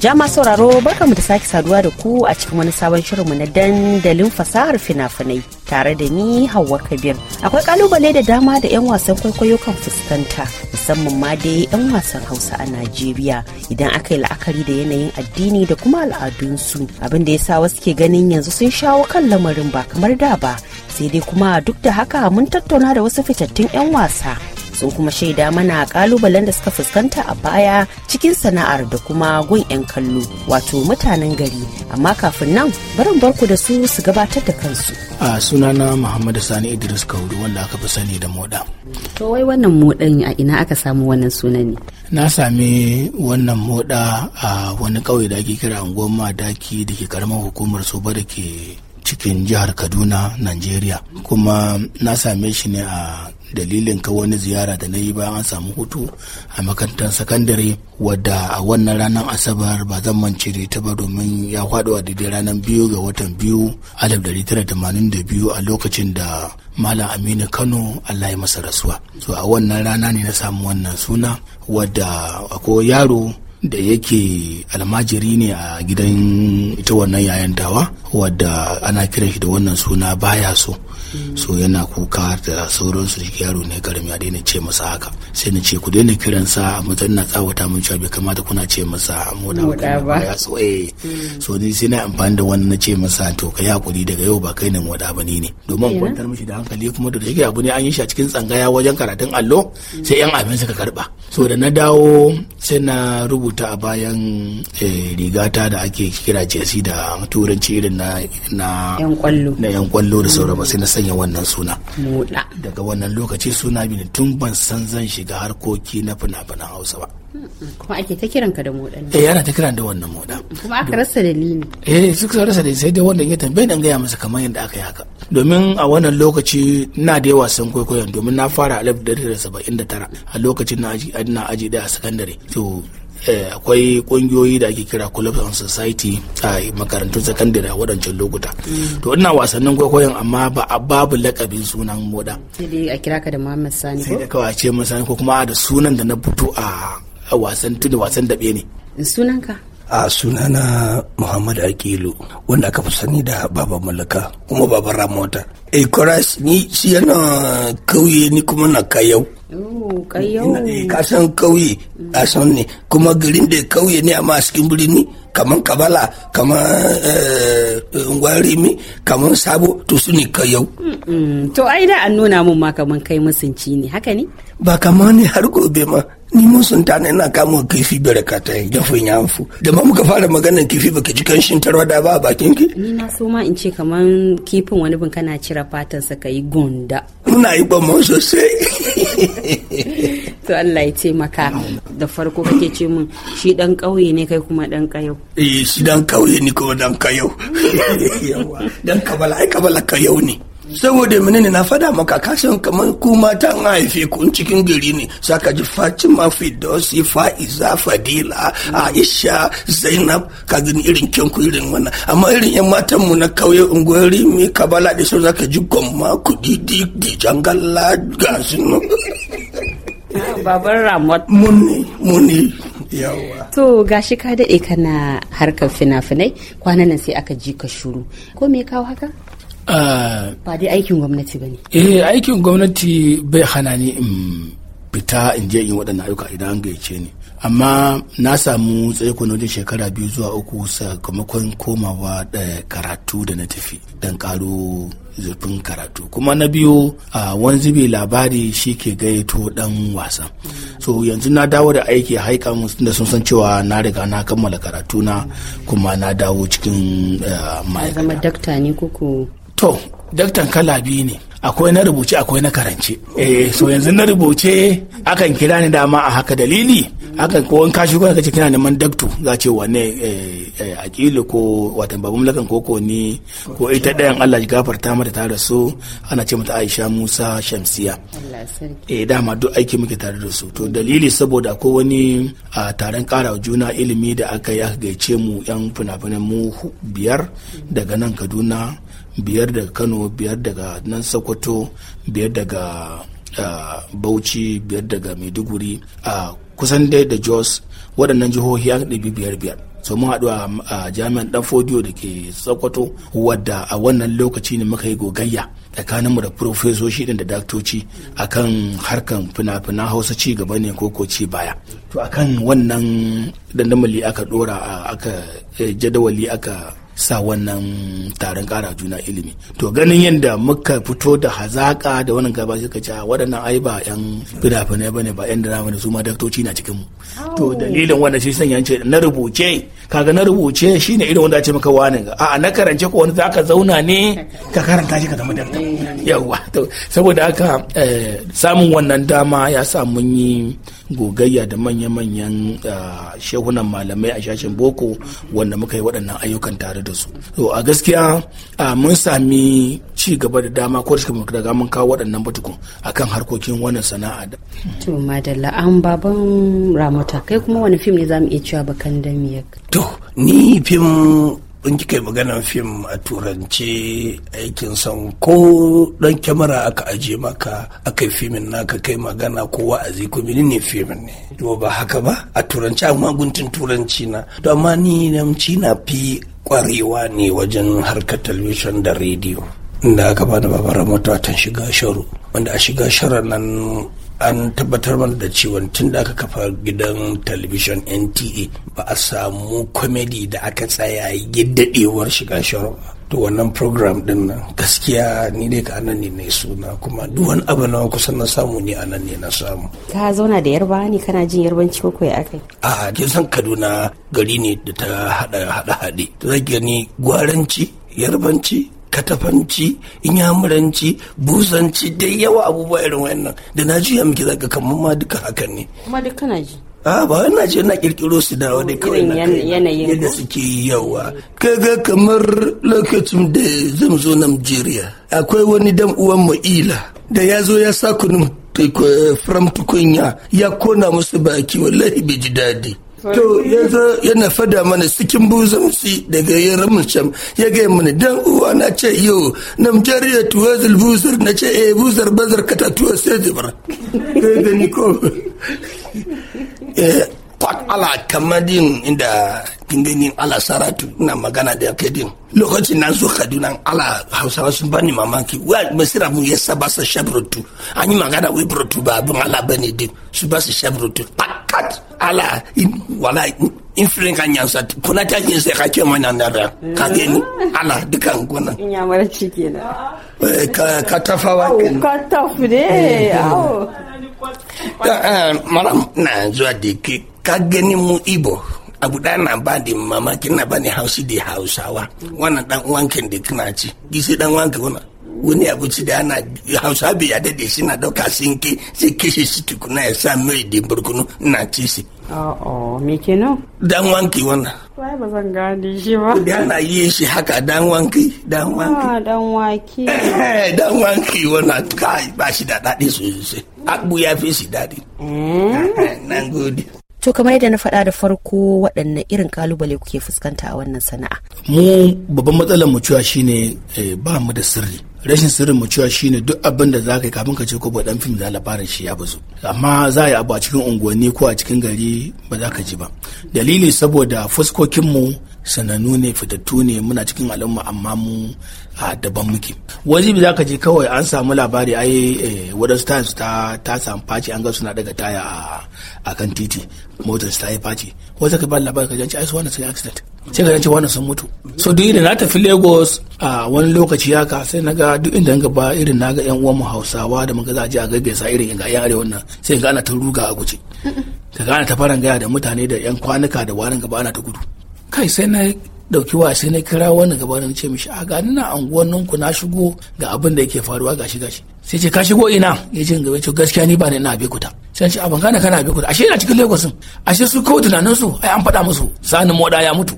jama sauraro barkamu da sake saduwa da ku a cikin wani sabon shirinmu na dandalin fasahar fina-finai tare da ni hauwa kabir akwai kalubale da dama da 'yan wasan kwaikwayo kan fuskanta musamman ma dai 'yan wasan hausa a najeriya idan aka yi la'akari da yanayin addini da kuma al'adunsu abin da ya sa wasu ke ganin yanzu sun shawo kan lamarin ba kamar da ba sai dai kuma duk da haka mun tattauna da wasu fitattun 'yan wasa sun kuma shaida mana kalubalen da suka fuskanta a baya cikin sana'ar da kuma gun 'yan kallo wato mutanen gari amma kafin nan barin barku da su su gabatar da kansu a sunana muhammadu sani idris kauri wanda aka fi sani da moda to wai wannan modan a ina aka samu wannan suna ne na sami wannan moda a wani ƙauye da ake kira unguwar madaki da ke karamar hukumar soba da ke cikin jihar kaduna nigeria kuma na same shi ne a dalilin ka wani ziyara da na yi bayan an samu hutu a makarantar sakandare wadda a wannan ranar asabar ba zan mance da ita ba domin ya faɗo a daidai ranar biyu ga watan biyu alif dari tara tamanin da biyu a lokacin da malam aminu kano allah ya masa rasuwa so a wannan rana ne na samu wannan suna wadda akwai yaro da yake almajiri ne a gidan ita wannan yayan dawa wadda ana kiran shi da wannan suna baya so so yana kuka da sauransu shi yaro ne garin ya daina ce masa haka sai na ce ku daina kiransa a matsayin na tsawata mun cewa bai kamata kuna ce masa wata baya so eh hmm. so ni sai na amfani da wannan na ce masa to kai hakuri daga yau ba kai ne wada ba ni ne domin kwantar mishi da hankali kuma da yake abu ne an yi shi a cikin tsangaya wajen karatun allo hmm. sai yan abin suka karba so da na dawo sai na rubuta a bayan eh, rigata da ake kira jesi da turanci irin na yan kwallo da sauran ba mm. sai na sanya wannan suna daga wannan lokaci suna bi tun ban san zan shiga harkoki na fina-finan hausa ba kuma ake ta kiran ka da moɗan eh yana ta kiran da wannan moɗa kuma aka rasa dalili eh suka rasa dalili sai dai wannan ya tambaye dan gaya masa kamar yadda aka yi haka domin a wannan lokaci na da yawa san kwaikwayon domin na fara a tara. a lokacin na aji na aji da a sakandare to eh, akwai kungiyoyi da ake kira club of society a makarantun sakandare a waɗancan lokuta mm. to ina wasannin kwaikwayon amma ba a babu lakabin sunan moɗa sai dai a kira ka da muhammad sani ko. sai da kawace ce sani ko kuma da sunan da na fito a a wasan tuni wasan daɓe ne sunanka a sunana muhammad akilu wanda aka fi sani da baba malaka kuma baba ramota e koras ni shi yana kauye ni kuma na kayau eh, ka san kauye a san ne kuma garin da kauye ne amma a cikin birni kamar kabala kaman eh, gwarimi kamar sabo to su ne kayau to ai da an nuna mun ma kaman kai musunci ne haka ne ba kama ne har gobe ma ni mun sun tana ina kama kifi ka ta yin dafin ya hanfu da ma muka fara maganar kifi baka ji kanshin da ba a bakin ki ni na so ma in ce kaman kifin wani bin kana cire fatan sa kai gonda muna yi ban sosai to Allah ya taimaka da farko kake ce mun shi dan kauye ne kai kuma dan kayau eh shi dan kauye ne kuma dan kayau yawa dan kabala ai kabala kayau ne saboda menene na fada maka kasan kamar ku mata an haife ku cikin gari ne saka ji Fatima Fidosi Fa'iza Fadila Aisha Zainab ka gani irin ku irin wannan amma irin yan matan mu na kauye unguwar Rimi Kabala da sau zaka ji gomma kudi di di jangalla ga sunu babar Ramot muni muni yawa to gashi ka dade kana harkar fina-finai kwanan nan sai aka ji ka shuru ko me kawo haka Eh, ba dai aikin gwamnati ba ne eh aikin gwamnati bai hana ni in fita in je in waɗannan ayyuka idan an gayyace ni amma na samu tsaiko wajen shekara biyu zuwa uku sakamakon komawa da eh, karatu da na tafi don karo zurfin karatu kuma na biyu a wani labari shi ke gaito dan wasa. so yanzu na dawo da aiki haika da sun san cewa na riga na kammala karatu na kuma na dawo cikin eh, ma'aikata. to daktan kala biyu ne akwai na rubuce akwai na karance eh so yanzu na rubuce akan kira ni dama a haka dalili haka ko in kashi kuna kace kina neman daktu za ce wane eh, eh, akilu ko watan babu mulakan koko ni ko ita ɗayan Allah ya gafarta mata ta rasu ana ce mata Aisha Musa Shamsiya eh dama duk aiki muke tare da su to dalili saboda ko wani a taron karawa juna ilimi da aka yi aka gaice mu yan fina mu biyar daga nan Kaduna biyar daga Kano biyar daga nan Sokoto biyar daga bauchi biyar daga maiduguri a kusan dai da jos waɗannan jihohi an ɗabi biyar biyar so mun haɗu a jami'an ɗan fodiyo da ke sokoto wadda a wannan lokaci ne muka yi gogayya tsakaninmu da profesoshi da daktoci akan harkan fina-finan hausa ci gaba ne ko ko ci baya to kan wannan dandamali aka ɗora aka eh, jadawali aka sa wannan taron kara juna ilimi to ganin yadda muka fito da hazaka da wannan gaba suka ce ah, waɗannan ai ba yan fidafinai ba ne ba yan drama da su ma daktoci na cikin mu to oh. dalilin wannan shi sanya ce na rubuce kaga na rubuce shine irin wanda ce maka wani a na karance ko wani zaka zauna ne ka karanta shi ka zama dakta eh. yawa to saboda haka eh, samun wannan dama ya sa mun yi gogayya da manya-manyan ah, shehunan malamai a shashin boko wanda muka yi waɗannan ayyukan tare da su to a gaskiya ah, mun sami ci gaba da dama ko da daga mun kawo waɗannan batukun akan harkokin wannan sana'a da to madalla an baban ramata kai kuma wani fim ne za mu iya cewa bakan da to ni fim in kika yi maganan fim a turance aikin son ko dan kyamara aka ajiye maka aka yi fimin naka kai magana ko wa'azi ko ne fimin ne to ba haka ba a turanci amma guntun turanci na to amma ni namci na fi kwarewa ne wajen harkar talabijin da rediyo inda aka bani babbar mota ta shiga sharo. wanda a shiga sharo nan an tabbatar mana da ciwon tun da aka kafa gidan talabijin nta ba a samu comedy da aka tsaya giddadewar shiga sharon to wannan program din nan gaskiya ni dai ka anan ne na suna kuma duk wani abu na kusan na samu ne anan ne na samu ka zauna da yarba ne kana jin yarbanci ko ya akai a kin san kaduna gari ne da ta hada hada hade to zaki gani gwaranci yarbanci katafanci inyamuranci busanci da yawa abubuwa irin wannan da na juya muke zaka kamar ma duka hakan ne kuma duka kana ji a ba na ji, na kirkiro su da wani kawai na kai yadda suke yawa kaga kamar lokacin da zan zo Najeriya akwai wani dan uwan mu ila da ya zo ya sa kunun eh, from tukunya ya kona musu baki wallahi bai ji daɗi to yanzu yana fada mana cikin buzumsi daga yaran sham ya gaya mana dan uwa na ce yau namjariya tuwazil buzar na ce eh buzar bazar kata tuwa sai zubar kai ni ko eh, kwat ala kamar din inda gingin ala saratu na magana da ke din lokacin na zo kaduna ala hausawa sun bani mamaki wa masira mu ya saba sa shabrutu an magana wai brutu ba abin ala bane din su ba su shabrutu pakat ala in wala in filin ka nyansa kuna ta yin sai ka ce mana na da ka gani ala dukan gona in ya mara ci kenan eh, ka ka tafawa ka tafude awo eh, eh, madam na zuwa da ke ka gani mu ibo abu da na ba da mamaki na ba ne hausi da hausawa wannan dan wankin da kina ci gisi dan wanka wannan wani abinci da ana hausa bi ya dade shi na dauka sun ke sai kishi shi tukuna ya sa mai da burkunu na ci shi. Oh, ke kenan? Dan wanki wannan. Wai ba zan gane shi ba. Da ana yi shi haka dan wanki, dan wanki. Ah, dan waki. Eh, dan wanki wannan kai ba shi da daɗi sosai. Akpu ya fi shi daɗi. Eh. eh na gode. to kamar yadda na faɗa da farko waɗanne irin kalubale kuke fuskanta a wannan sana'a mu babban matsalar mu cewa shine eh, ba mu da sirri rashin sirrin mu cewa shine duk abin da za ka yi kafin ka ce ko ba dan fim da fara shi ya bazu amma za a yi abu a cikin unguwanni ko a cikin gari ba za ka ji ba dalili saboda fuskokinmu. sanannu ne fitattu ne muna cikin al'umma amma mu a daban muke wajibi za ka je kawai an samu labari ai eh, wadansu times ta ta samu faci an ga suna daga taya a kan titi motar ta yi faci wata ka ba labari ka janci aisu wani sun accident sai ka janci wannan sun mutu so duk inda na tafi lagos a wani lokaci ya ka sai na ga duk inda ba irin na ga yan uwan mu hausawa da muka za a je a sa irin ga yan arewa nan sai ga ana ta ruga a guje ka ga ana ta gaya da mutane da yan kwanuka da warin gaba ana ta gudu kai sai na dauki waya sai na kira wani gaba na ce mishi a gani na anguwan nan ku na shigo ga abin da yake faruwa gashi gashi sai ce ka shigo ina ya ce gaba ce gaskiya ni ba ni ina ta sai ce a ban gane kana abekuta ashe yana cikin lagos ashe su ko tunanin su ai an faɗa musu sani moda ya mutu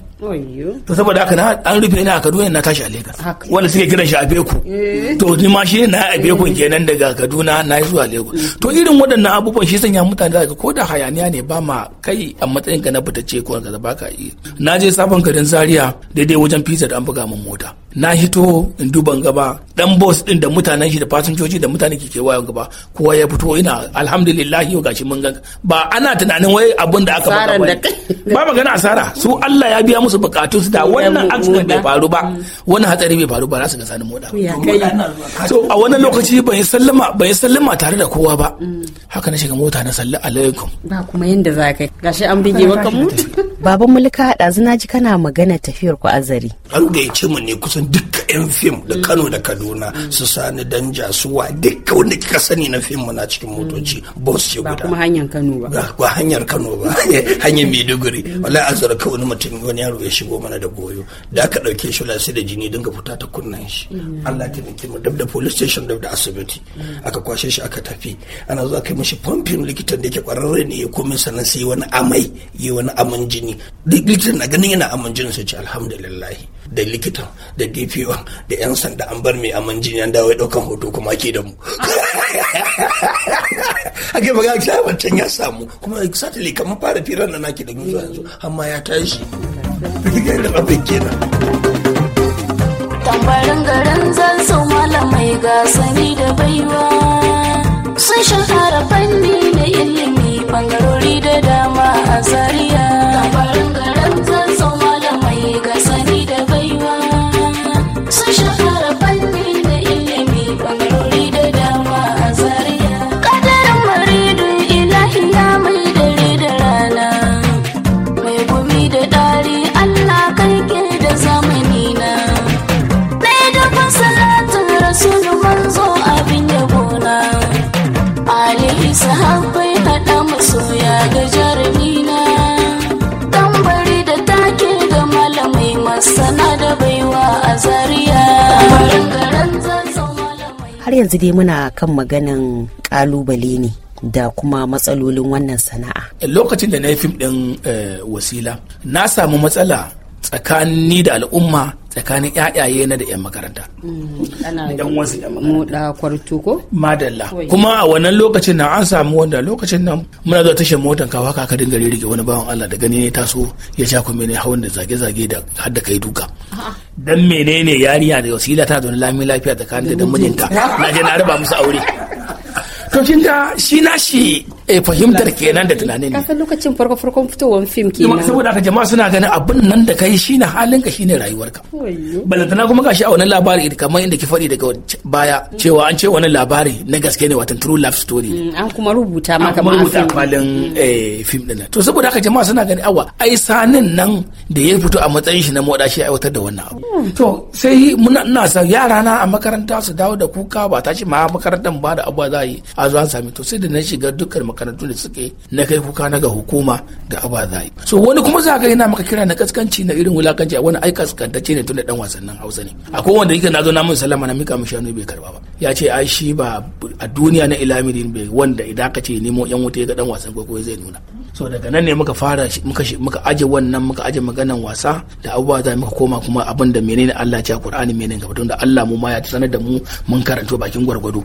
to saboda haka na an rufe ni a Kaduna na tashi a Lagos wanda suke kiran shi a beku. Eh. to ni ma shi na a Beko kenan daga Kaduna na yi zuwa Lagos mm-hmm. to irin waɗannan abubuwan shi sanya mutane da ko da hayaniya ne ba ma kai a matsayin ka na fitacce ko ka ba ka yi na je sabon garin Zaria daidai wajen pizza da an buga min mota na hito in duban gaba dan bos din da mutanen shi da fasinjoji da mutane ke kewaye gaba kowa ya fito ina alhamdulillah yau gashi mun ganka ba ana tunanin wai abin da aka faɗa ba ba magana asara su Allah ya biya musu bukatun su da wannan accident bai faru ba mm. wannan hatsari bai faru ba za su ga sani moda so a wannan lokaci ban yi sallama ban yi sallama tare da kowa ba mm. haka na shiga mota na salli alaikum ba kuma yanda za ka gashi an bige maka mu baban mulka ɗazu na ji kana magana tafiyar ku azari an gayyace mu ne kusa kusan duka 'yan fim da mm. kano da kaduna mm. su sani danja suwa duka wanda kika sani na fim na cikin mm. motoci bus ce guda ba kuma hanyar kano ba ba hanyar kano ba hanyar maiduguri an azurka wani mutum wani yaro ya shigo mana da goyo da aka dauke shi lasi da jini dinga fita ta kunnan shi allah ta nake mu dab da police station dab da asibiti aka kwashe shi aka tafi ana zuwa kai mishi pumping likitan da yake kwararre ne ya komai sannan sai wani amai yi wani aman jini likitan na ganin yana aman jini sai ce alhamdulillah da likitan da dpo da yan sanda an bar mai aman jini an dawo ya daukan hoto kuma ke da mu ake magana ta wancan ya samu kuma satali kamar fara firar na naki da gizo yanzu amma ya tashi tambarin garin zan malamai ga sani da baiwa sun shahara fanni da ilimi bangarori da dama a zariya tambarin garin yanzu dai muna kan maganin kalubale ne da kuma matsalolin wannan sana'a lokacin da na yi fim ɗin eh, wasila na samu matsala tsakanin da al'umma tsakanin yayaye na da 'yan makaranta. Yan mm, wasu 'yan makaranta. kwarto ko? Madalla. Kuma a wannan lokacin na an samu wanda lokacin nan muna zuwa tashar motan kawo haka ka dinga rike wani bawan Allah da gani ne taso ya sha kuma ne hawan da zage-zage da har da kai duka. Dan menene yarinya da wasila ta zaune lami lafiya tsakanin da mijinta. Na je na raba musu aure. To shi na shi eh fahimtar kenan da tunanin ne kasan lokacin farko farkon fitowar fim kenan saboda haka jama'a suna ganin abin nan da kai shine halinka shine rayuwarka balantana kuma gashi a wannan labari kamar inda ki faɗi daga baya cewa an ce wannan labari na gaske ne watan true love story mm, an kuma rubuta ma kamar rubuta kwalin mm. eh, fim din to saboda haka jama'a suna ganin awa ai sanin nan da ya fito a matsayin shi na moda shi aiwatar da wannan abu mm. to sai muna ina sa yara na a makaranta su dawo da kuka ba ta ce ma makarantar ba da abuwa za a yi a zuwa sami to sai da na shiga dukkan makarantun da suke na kai kuka na ga hukuma ga abaza so wani kuma za ka yana maka kira na kaskanci na irin wulakanci wani ai kaskantacce ne tun da dan wasannin hausa ne akwai wanda yake na zo na mun salama na mika mishi bai karba ba ya ce ai shi ba a duniya na ilamirin bai wanda idan ka ce nemo yan wuta ya ga dan wasan kwaikwayo zai nuna so daga nan ne muka fara muka aje wannan muka aje maganan wasa da abubuwa za muka koma kuma abin da menene Allah ya Qur'ani menene gaba don da Allah mu ma ya sanar da mu mun karanto bakin gwargwado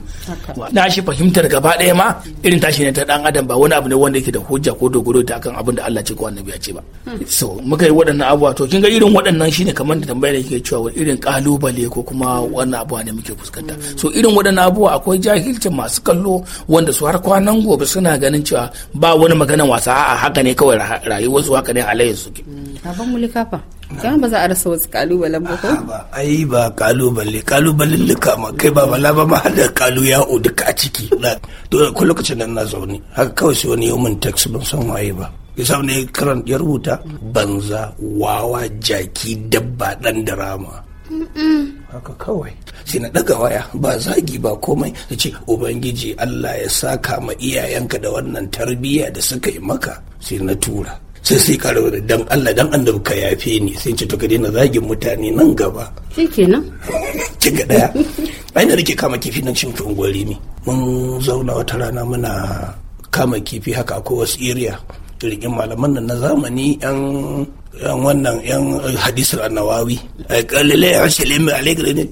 na shi fahimtar gaba ɗaya ma irin tashi ne ta dan adam ba wani abu ne wanda yake da hujja ko dogoro ta akan abin da Allah ce ko annabi ya ce ba hmm. so muka yi waɗannan abubuwa to kin ga irin waɗannan shine kamar da tambayar da yake cewa irin kalubale ko kuma wannan abuwa ne muke fuskanta hmm. so irin waɗannan abubuwa akwai jahilcin masu kallo wanda su har kwanan gobe suna ganin cewa ba wani maganan wasa a'a haka ne kawai su haka ne su ke. mulika fa ba za a rasa wasu kalubalen ba ko ai ba kalubale kalubalen lika ma kai ba bala ba ma da kalu ya o duka a ciki to ko lokacin nan na zaune haka kawai shi wani yamin text ban san waye ba ya ne karan ya rubuta banza wawa jaki dabba dan drama haka kawai sai na daga waya ba zagi ba komai da ce ubangiji Allah ya saka ma iyayenka da wannan tarbiyya da suka yi maka sai na tura sai sai karo da dan Allah dan annabi ka yafe ni sai ce to ka daina zagin mutane nan gaba shikenan kiga daya ai da nake kama kifi nan cin kungwari ne mun zauna wata rana muna kama kifi haka ko wasu iriya jirgin malaman nan na zamani yan yan wannan yan eh, hadisar annawawi kalilai a alaikum ne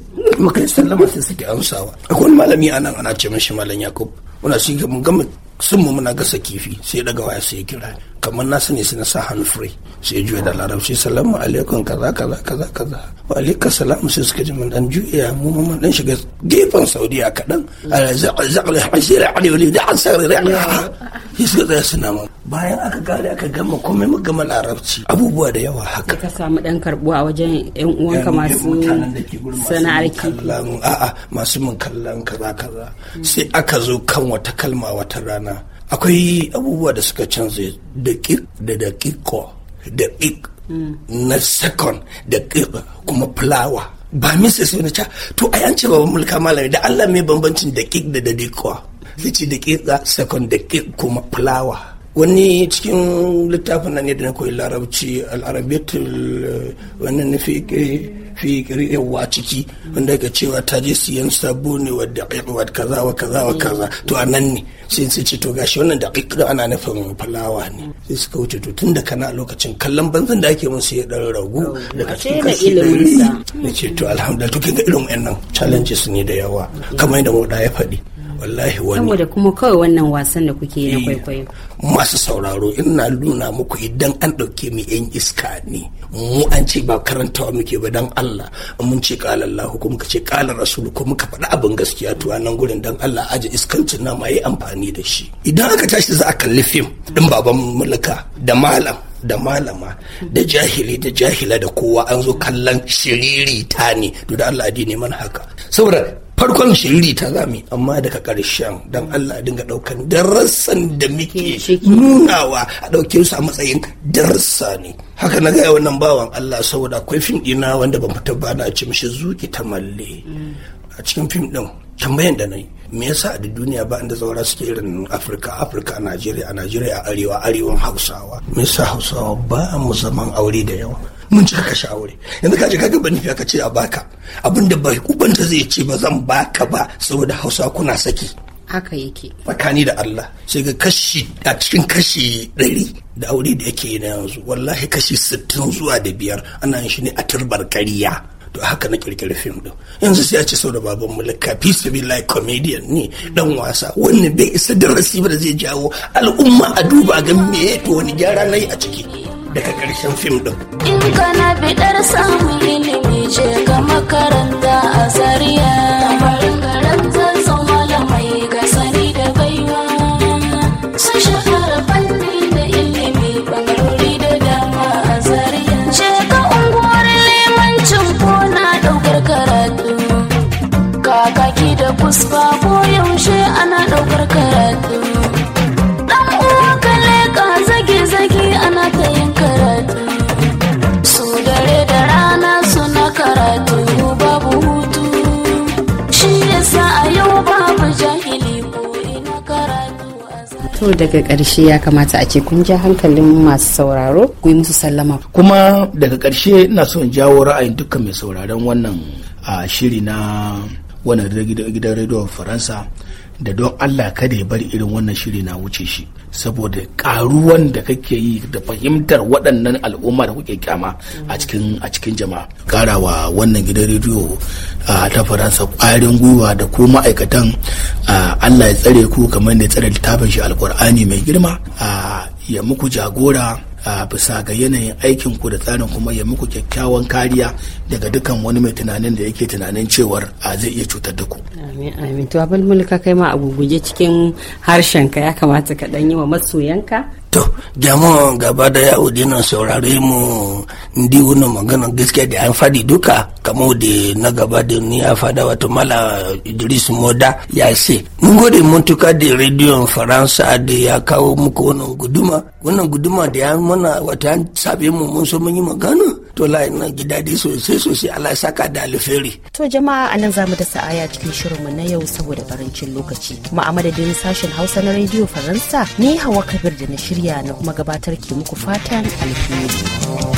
maka yi sallama sai suke amsawa akwai malami anan ana ce mashi malam yakub muna shi mun gama sun mu muna gasa kifi sai daga waya sai kira kamar nasu ne sai na sa hannu free sai juya da larabci salamu alaikum kaza kaza kaza kaza wa alaikum salamu sai suka ji mun dan juya mu mun dan shiga gefen saudiya kadan ala zaqal hasira ali wali da an sarri asar shi suka tsaya suna mu bayan aka gare aka gama komai mu gama larabci abubuwa da yawa haka ka samu dan karbu a wajen yan uwanka masu sana'ar a'a masu mun kallon kaza kaza sai aka zo kan wata kalma wata rana akwai abubuwa da suka canza da ƙiƙ da da ƙiƙo da ƙiƙ na second da ƙiƙ kuma fulawa ba misa sai na ca to a yance babban mulka malami da Allah mai bambancin da ƙiƙ da da ƙiƙo zai ce da da second da ƙiƙ kuma fulawa wani cikin littafin nan ne da na koyi larabci al'arabiyatul eh, wani nufi yawa ciki wanda ka cewa ta je siyan sabo ne wa daqiq wa kaza wa kaza wa kaza to a nan ne sai su ce to gashi wannan daqiq da ana nufin fulawa ne sai suka wuce to tunda kana a lokacin kallon banzan da ake musu ya ɗan ragu daga cikin kashi ɗari ne ce to alhamdulillah to ga irin wayannan challenges ne da yawa kamar yadda mauda ya faɗi wallahi wani saboda kuma kawai wannan wasan da kuke yi na eh, kwaikwayo masu sauraro ina nuna muku idan an ɗauke mu yan iska ne mu an ce ba karantawa muke ba dan Allah mun ce qala Allah ko muka ce qala rasul ko muka faɗi abin gaskiya to a nan gurin dan Allah aje iskancin na ma amfani da shi idan aka tashi za a kalli fim din baban mulka da malam da malama da jahili da jahila da kowa an zo kallon shiriri ta ne to da Allah addini man haka saboda farkon shiriri ta zami amma daga karshen don Allah dinga ɗaukan darasan da muke nunawa a ɗauke su a matsayin darussa ne haka na gaya wannan bawan Allah saboda akwai fim ɗina wanda ban fita ba na ci mishi zuki ta malle a cikin fim ɗin tambayan da na yi me yasa a duniya ba inda zaura suke irin afirka afirka a najeriya a najeriya a arewa arewan hausawa me yasa hausawa ba mu zaman aure da yawa mun ci ka shawari yanzu ka je ka gaba nufi aka ce a baka abinda bai ta zai ce ba zan baka ba saboda hausa kuna saki haka yake tsakani da Allah sai ga kashi a cikin kashi ɗari da aure da yake na yanzu wallahi kashi sittin zuwa da biyar ana yin shi ne a turbar kariya to haka na kirkiri fim din yanzu sai a ce sau da baban mulka fi be like comedian ne dan wasa wannan bai isa darasi ba da zai jawo al'umma a duba ga me to wani gyara na yi a ciki daga ƙarshen fim ɗin. In kana bidar samun ilimi je ga makaranta a zariya. Kamarin garin zan zan malamai ga sani da baiwa. Sun shahara fanni da ilimi bangarori da dama a zariya. Jeka unguwar limancin ko na ɗaukar karatu. Kakaki da kusba yau daga ƙarshe ya kamata a ce kun ja hankalin masu sauraro ku yi musu sallama kuma daga karshe ina so in jawo ra'ayin dukkan mai sauraron wannan a ah, shiri na wannan gidan rediyon faransa da don Allah kada ya bar irin wannan shiri na wuce shi saboda karuwan da kake yi da fahimtar waɗannan al'umma da kuke kyama a cikin a cikin jama'a karawa wannan gidan rediyo ta faransa ƙwarin gwiwa da ko ma'aikatan Allah ya tsare ku kamar da tsare littafin shi alkur'ani mai girma ya muku jagora a bisa ga yanayin aikin ku da tsarin kuma ya muku kyakkyawan kariya daga dukkan wani mai tunanin da yake tunanin cewar a zai iya cutar da ku. Amin amin to abin mulka kai ma a guguje cikin harshen ka ya kamata ka dan yi wa masoyanka to jama'a gaba da yawo dinan saurare mu ndi wannan magana gaskiya da an fadi duka kamar da na gaba da ni ya fada wato mala idris moda ya ce mun gode mutuka da rediyon faransa da ya kawo muku wannan guduma wannan guduma da ya mana wata an sabe mu mun so mun yi magana to la ina gida dai sosai sosai Allah ya saka da alheri. To jama'a anan zamu da sa'aya cikin shirin mu na yau saboda karancin lokaci. Kuma a madadin sashen Hausa na Radio Faransa ni Hawa Kabir da na shirya na kuma gabatar ke muku fatan alheri.